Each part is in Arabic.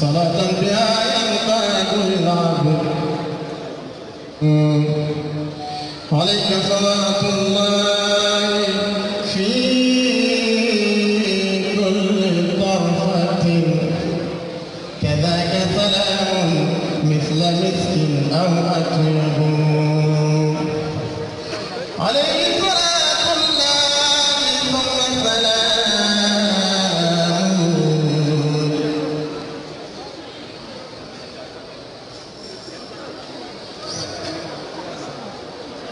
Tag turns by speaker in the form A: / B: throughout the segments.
A: صلاة بها ينفع كل عليك صلاة الله في كل طرفة كذاك سلام مثل مسك أو أكله عليك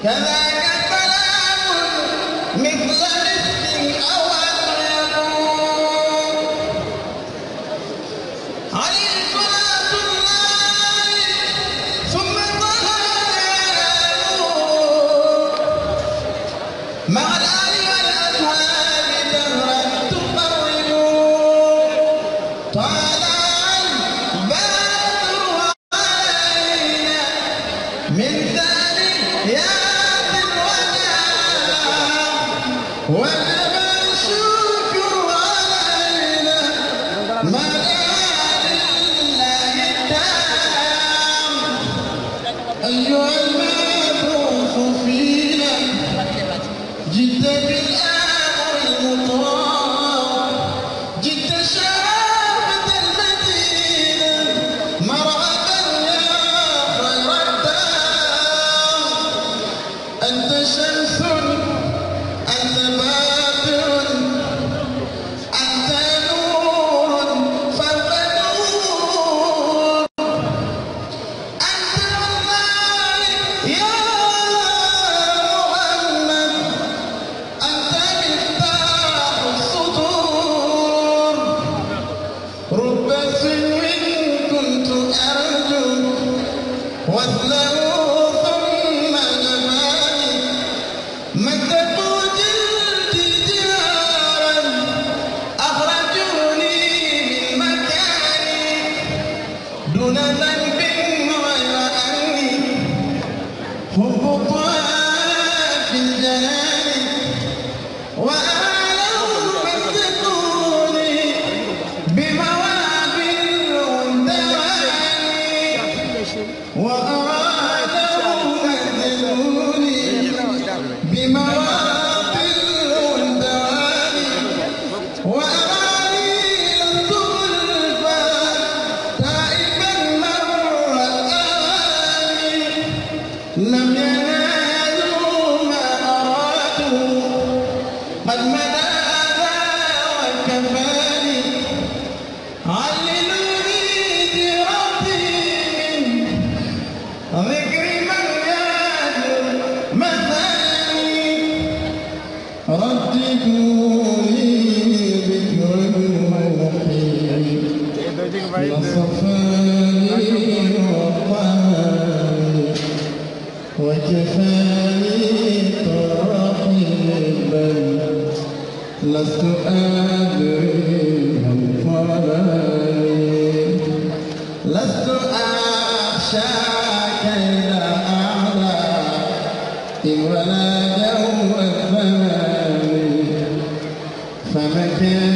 A: كما كتب Man. وجفاني طاحبا لست أدري هل فعلي لست أخشاك إلى أعلى إن ولا جو فمكان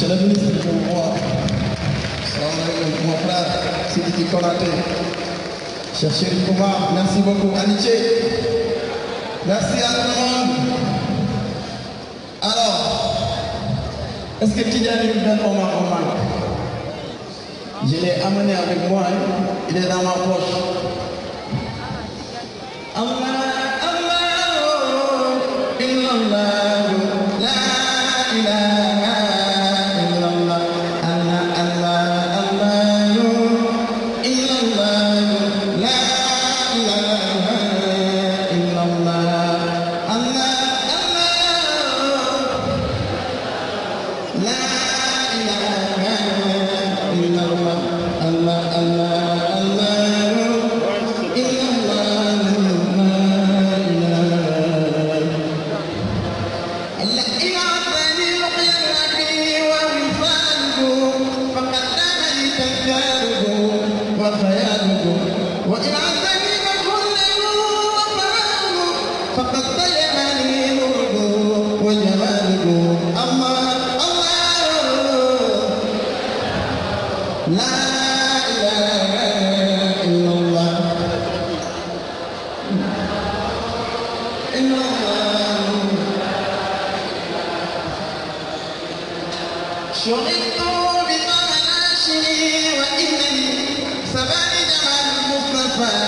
A: Monsieur le ministre de Mouroua, mon frère Sidi cher Chéri Kouma, merci beaucoup. Amitié, merci à tout le monde. Alors, est-ce que tu Tidiane me donne un Omar Je l'ai amené avec moi, hein. il est dans ma poche. Amen. إلا الله شغلت بطه ناشري وإذن عن مصطفى